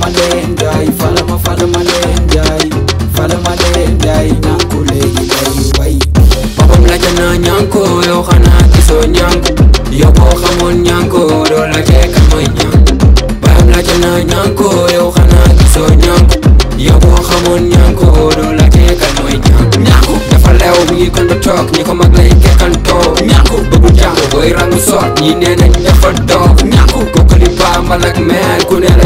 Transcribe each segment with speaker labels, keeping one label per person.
Speaker 1: ma leen jaay fal ma fal ma leen jaay fal ma leen jaay day way boppam la jënd naa ñànku yow xanaa la jekk mooy ñànku boppam xanaa gisoo ñànku yow boo xamoon ñànku doo la jekk mooy ñànku ñànku dafa ko mag lay kekkantoo ñànku bëggu jàng booy rangu soot ñi nee nañ dafa doog ñànku kokkali ku ne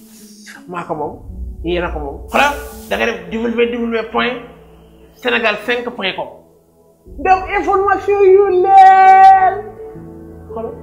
Speaker 1: maa ko moom yéen a ko moom xoolal da nga def point sénégal 5 point com. donc information yu leer xoolal.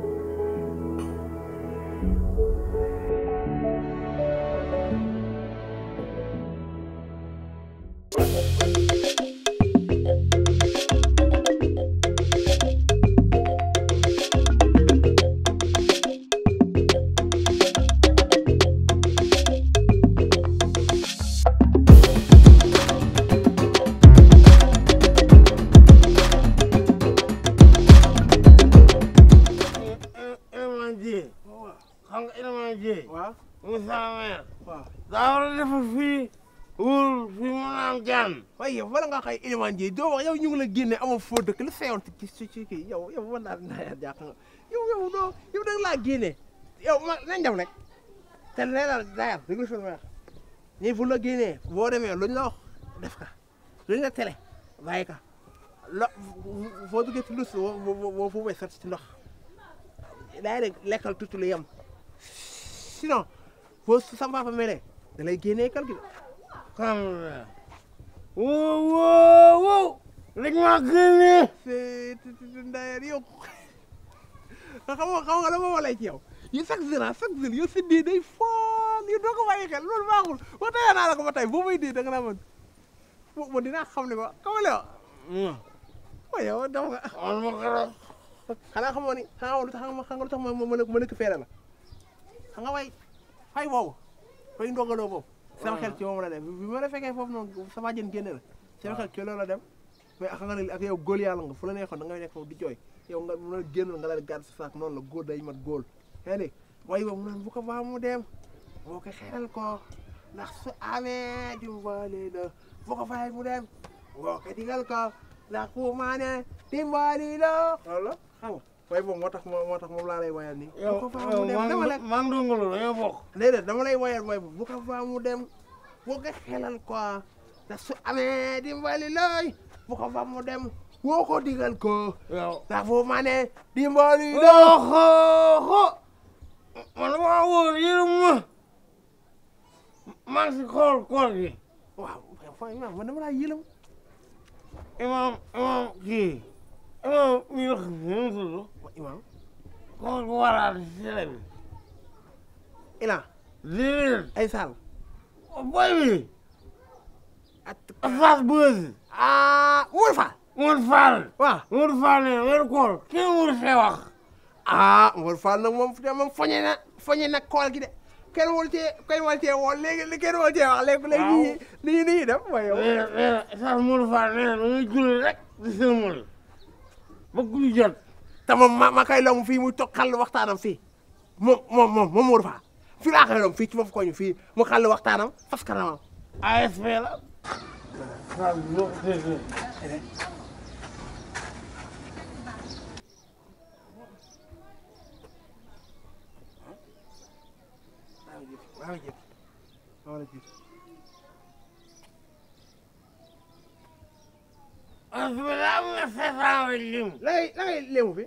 Speaker 1: daa war a defar fii wóor fii mu naan jaan. waaye yow bala nga xay élément ji doo wax yow ñu ngi la génne amoo foo dëkk lu feeyoon ci ci kii yow yow war naa la jàpp nga yow yow doo yow da nga laa génne yow ma nañ dem rek te leeral daal déglu fi ma wax nii fu la génnee boo demee luñ la wax def ka luñ la tele bàyyi ka lo foo duggee ci lus boo fu may sat ci ndox daay rek lekkal tuuti lu yem sinon foo sa papa mere da lay génnee calcul. alhamdulilah. woo woo woo.
Speaker 2: rek maa génnee.
Speaker 1: ndayer yow xam nga xam nga la ma walay ci yow yi chaque jour ah chaque jour si dee day foon yow doo ko bàyyi xel loolu baaxul ba tey naa la ko ba tey boo may dee da nga naa man man dinaa xam ne ko wa mm. waaw yow dama nga xamal ma xanaa xamoo ni xanaa lu tax ma xanaa lu tax feere la xam nga way xay boobu koy ndogaloo boobu sama xel ci moom la dem bi ma la foofu noonu sama jën génn la sama xel ci loolu la dem mais xam nga ne ak yow góol yàlla nga fu la neexoon da ngay nekk di jooy yow nga mën a génn nga la gàdd sa saak noon la góor day mat góol yaa ngi waaye boobu mu naan bu ko baa mu dem boo ko ko ndax su amee dimbali la bu ko fay mu dem boo ko digal la loolu waaye boobu moo tax moo tax moom laa wayal nii. yow maa ngi dugg loolu yow bokk. déedéet dama lay wayal waaye bu ko faa ko xelal quoi ndax amee dimbali bu ko faa dem woo ko digal ko. waaw ndax fu ma ne dimbali. loo xoo xoo. man maa wóor yéen ma maa si xool koor gi. waaw man dama laa yélam. imaam imaam kii imaam mi ngi wax imaam koor bu waraat si télé bi ilan lii ay sall boy bi Fass Bouye ah Wul Fall Wul Fall waaw Wul Fall ne weeru koor kenn wul see wax ah Wul Fall nag moom te moom foñe na foñe na koor gi de kenn wul cee kenn wul cee woo léegi kenn wul cee wax léegi léegi ni ñuy ni ñuy def mooy yow Fass Wul Fall nee na dañuy ba guddi jot te moom ma ma koy lom fii muy toog xàll waxtaanam fi moom moom moom moom Modou Fall fii laa koy lom fii ci bopp koñu fii mu xàll waxtaanam fas kanamam ASP la. asalaamaaleykum. lan ngay lan ngay léemu fi.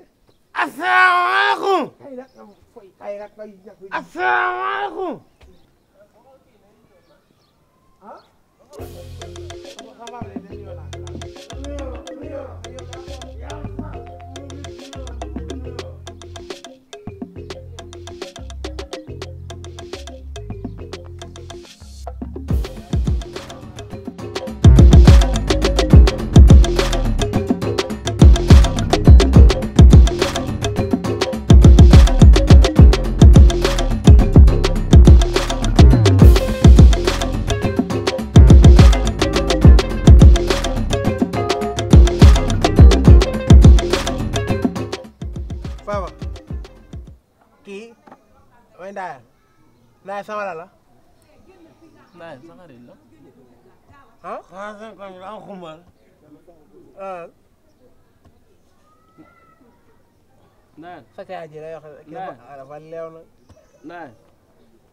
Speaker 1: asalaamaaleykum. asalaamaaleykum. ah. kii way ndaaya ndaaya sama la la ndaaya sama la la ah waa sa koñ la am xumbal ah ndaaya sa kaay ji lay wax ndaaya ala fa leew na ndaaya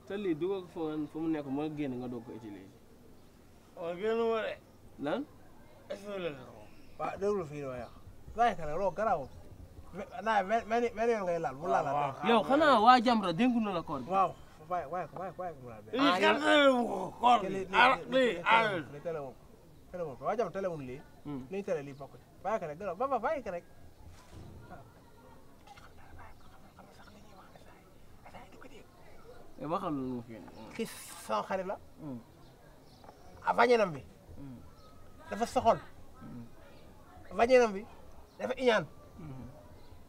Speaker 1: te lii dugal ko fa mu nekk moo génn nga doog ko utiliser waaw génn ma de lan est-ce que la waaw déglu fii la wax ndaaya kana loo garaawul naa mel mel yoon ngay laal bu laal la. yow xanaa waa Jamra dénku na la koor gi. waaw waaye waaye waaye waaye mu laal. lii kenn tëlewu ko koor gi. lii alal lii tëlewu tëlewu waa Jamra tëlewul lii. lii tële lii bokk bàyyi ko rek gërëm ba bàyyi ko rek. waxal lu mu fi kii sama xarit la. vañenam bi. dafa soxol. vañenam bi dafa iñaan.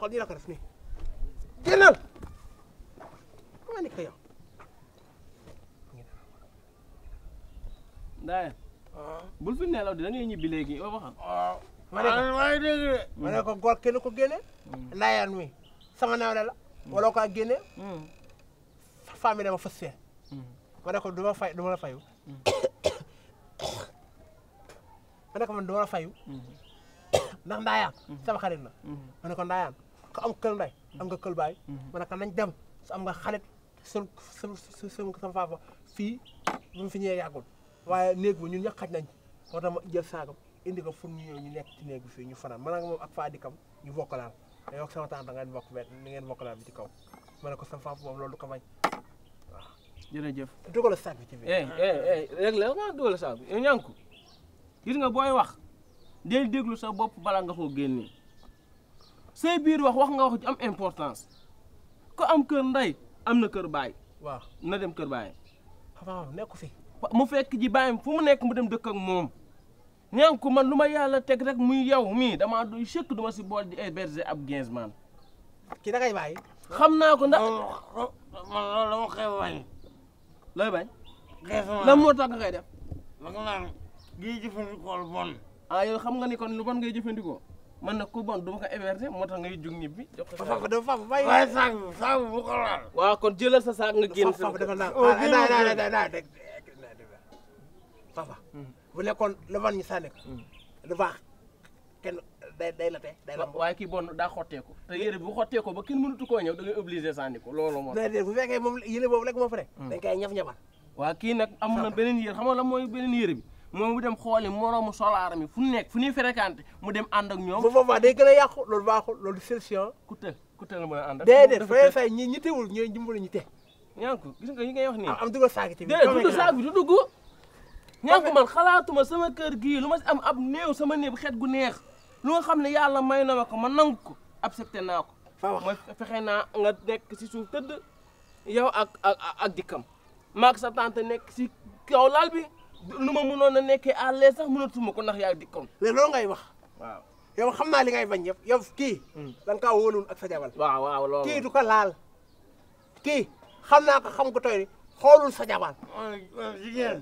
Speaker 1: xool nii la ko def nii génnal ma bul fi nelaw di dañuy ñibbi léegi oo waxal ma ne dégg ma ne ko ko génne laayaan mi sama nawle la wala ko génne famille ma ne ko du ma fay du ma la fayu ma ne ko sama xarit la ma ne ko ka am kël nday am nga kël bay mhm. man ka nañ dem su am nga xalit sun sun sun sama papa fi bu fi ñëwee yagul waye neeg bu ñun ñëpp xaj nañ ko tax jël saagam indi ko fu ñu ñëw ñu nekk ci neeg fi ñu fanaan man ak mom ak faa dikam ñu bokk laal te yow sama tànta ngeen bokk benn ni ngeen bokk laal bi ci kaw man ko sama papa boobu loolu ko bañ waaw jërëjëf dugal saag ci bi eh eh eh rek la nga dugal saag bi eh, ñanku gis nga boy wax del déglu sa bop bala nga ko génné say biir wax wax nga wax ju am importance ko am kër ndey am na kër baay. waaw na dem kër baay. waaw fi. mu fekk ji baayam fu mu nekk mu dem dëkk ak moom. ñaanku man lu ma yàlla teg rek muy yow mii dama doy sëkk du ma si bool di héberger ab quinze man. ki da ngay xam naa ko ndax. Oh, oh, man loolu xew bañ. looy bañ. xew moo tax nga koy def. ma ngi naan ngay jëfandikoo lu bon. ah xam nga ni kon lu bon ngay jëfandikoo. man nag ko bon du ma ko héberger moo tax ngay jug ñibbi. jox ko faafu dafa faafu bàyyi. waaye saag bi saag bu ko laal. waaw kon jëlal sa saag nga génn. faafu dafa laal faafa ah, hmm. bu nekkoon lu bon ñu sànni ko. Hmm. du baax kenn day day la tee day la. waaye kii bon daa xotteeku. te yére bu xotteeku ba kenn mënatu koo ñëw da ngay obligé sànni ko loolu moo tax. bu fekkee moom yére boobu rek moo fa ne. Hmm. dañ koy ñaf ñafal. waa kii nag am na beneen yére xam nga la mooy beneen yére bi. moom mu dem xooli moroomu solaar mi fu nekk fu ñuy fréquenté mu dem ànd ak ñoom. bu boobaa day gën a yàqu loolu baaxul loolu solution. ku tël ku tël la mën a ànd ak. déedéet fay fay ñi ñi teewul ñooy jëmbalu ñi te. ñaanku gis nga ñi ngay wax nii. am dugal saag tamit. déedéet dugal saag bi du dugg. ñaanku man xalaatuma sama kër gii lu ma si am ab néew sama néew xet gu neex lu nga xam ne yàlla may na ma ko ma nangu ko accepté naa ko. waaw mooy fexe naa nga nekk si suuf tëdd yow ak ak ak dikkam maag sa tante nekk si kaw laal bi nu ma mënoon noon nekkee à l'aise sax mënatuma ko ndax yaa dikkoon. mais loolu ngay wax. yow xam naa li ngay bañ yëpp yow kii. Hmm. da nga kaa ak sa jabar. kii du ko laal. kii xam naa ko xam ko tooy xoolul sa eh.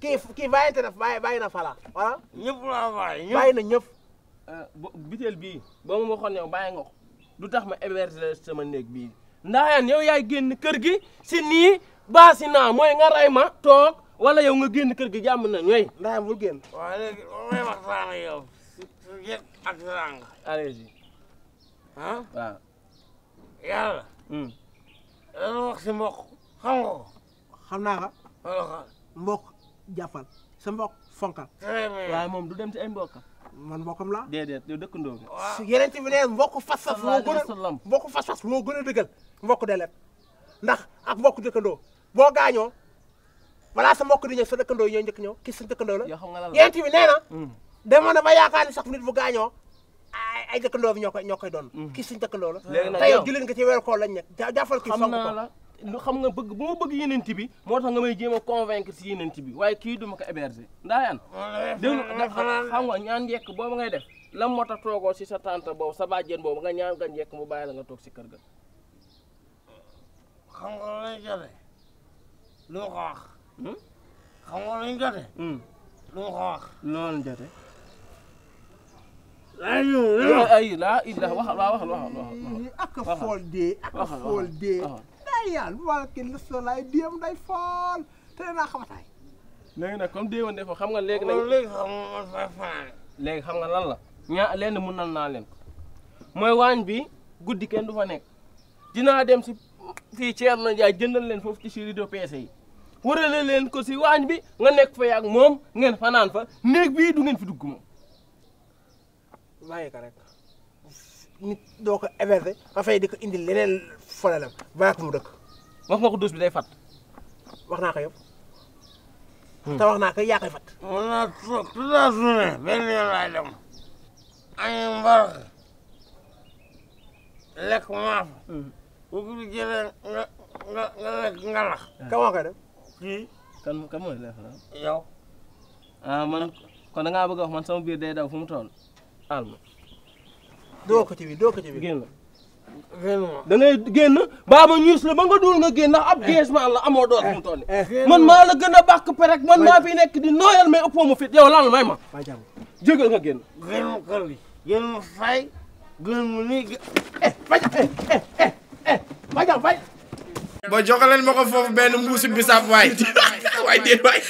Speaker 1: kii kii bàyyi na fala voilà. ñëpp laa bàyyi bàyyi na ñëpp. Eh, biteel bii boo ma waxoon yow bàyyi nga ko du tax ma héberger sama néeg bii ndax yow yaay génn kër gi si nii baasi naa mooy nga ma toog. wala yow nga génn kër gi jàmm na ñooy ndax bul génn. waaw léegi may waxtaan ak yow su yëg ak sànq. allez-y. ah waaw. yàlla. Hmm. lan si mbokk xam naa ko. wala ko sa mbokk fonkal. waaye moom du dem ci ay mbokk. man mbokkam laa. dëkkandoo nga. waaw yeneen ci bi ne mbokk fas-fas moo gën a mbokk fas-fas moo gën a dëggal delet ndax ak mbokk dëkkandoo boo gaañoo. balaa sa mbokk di ñëw sa dëkkandoo yi ñooy njëkk ñëw kii sa dëkkandoo la yent bi nee
Speaker 2: demo na ba yaakaar
Speaker 1: ni sax nit bu gaañoo ay dëkkandoo bi ñoo koy ñoo koy doon kii suñ dëkkandoo la tey yow jullit nga ci weeru koor lañ nekk jàppal kii song ko lu xam nga bëgg bu ma bëgg yenent bi moo tax nga may jéem a convaincre si yenent bi waye ki duma ko héberger ndaayaan déglu xam nga ñaan njekk boobu ngay def lam moo tax toogoo si sa tante bo sa bàjjen bo nga ñaan gan njekk mu bayal nga tok ci kër ga xam nga lay jale lu xax Hmm? xam nga luñ jotee. Hmm. lu ma ko laa illah waxal waxal waxal waxal. fool dee ak a fool dee. day yàlla bu la kii la solaay day fool te naa xamataay. nag comme déewoon xam nga léegi nag. léegi xam nga man fay fanaan. xam nga lan la. ñaa lenn mun nan naa leen ko. mooy waañ bi guddi kenn du fa nekk. dinaa dem si fii na Ndiaye jëndal leen foofu ci si rido peese yi. warale leen ko si waañ bi nga nekk fa yàgg moom ngeen fanaan fa néeg bii du ngeen fi dugg moom. bàyyi ko rek nit doo ko héberger fay di ko indil leneen problème bàyyi ko mu dëkk. wax nga ko dus bi day fat wax naa ko yow. Hmm. te wax naa ko yaa koy fat mën naa su su daa suunee benn yoon laay dem. añu mbar maaf. bu ko jëlee nga nga nga ka moo koy def. kan kan mooy Leef Naar. yow. ah man kon da ngaa bëgg a wax man sama biir day daw fu mu toll. doo ko ci biir doo ko ci biir génn. génn ma da ngay ñuus la ba nga dul nga génn ndax ab eh. gees maa la amoo doole fu mu toll eh. man maa la gën a bàkk perek man maa fi nekk di nooyal mais ëppoo ma fit yow laal may ma. jégal nga génn. génn mu kër gi génn mu fay génn mu nii. eh fay eh, eh fay. ba joxaleel ma ko foofu benn mbuusi bisaab waay waay déet waay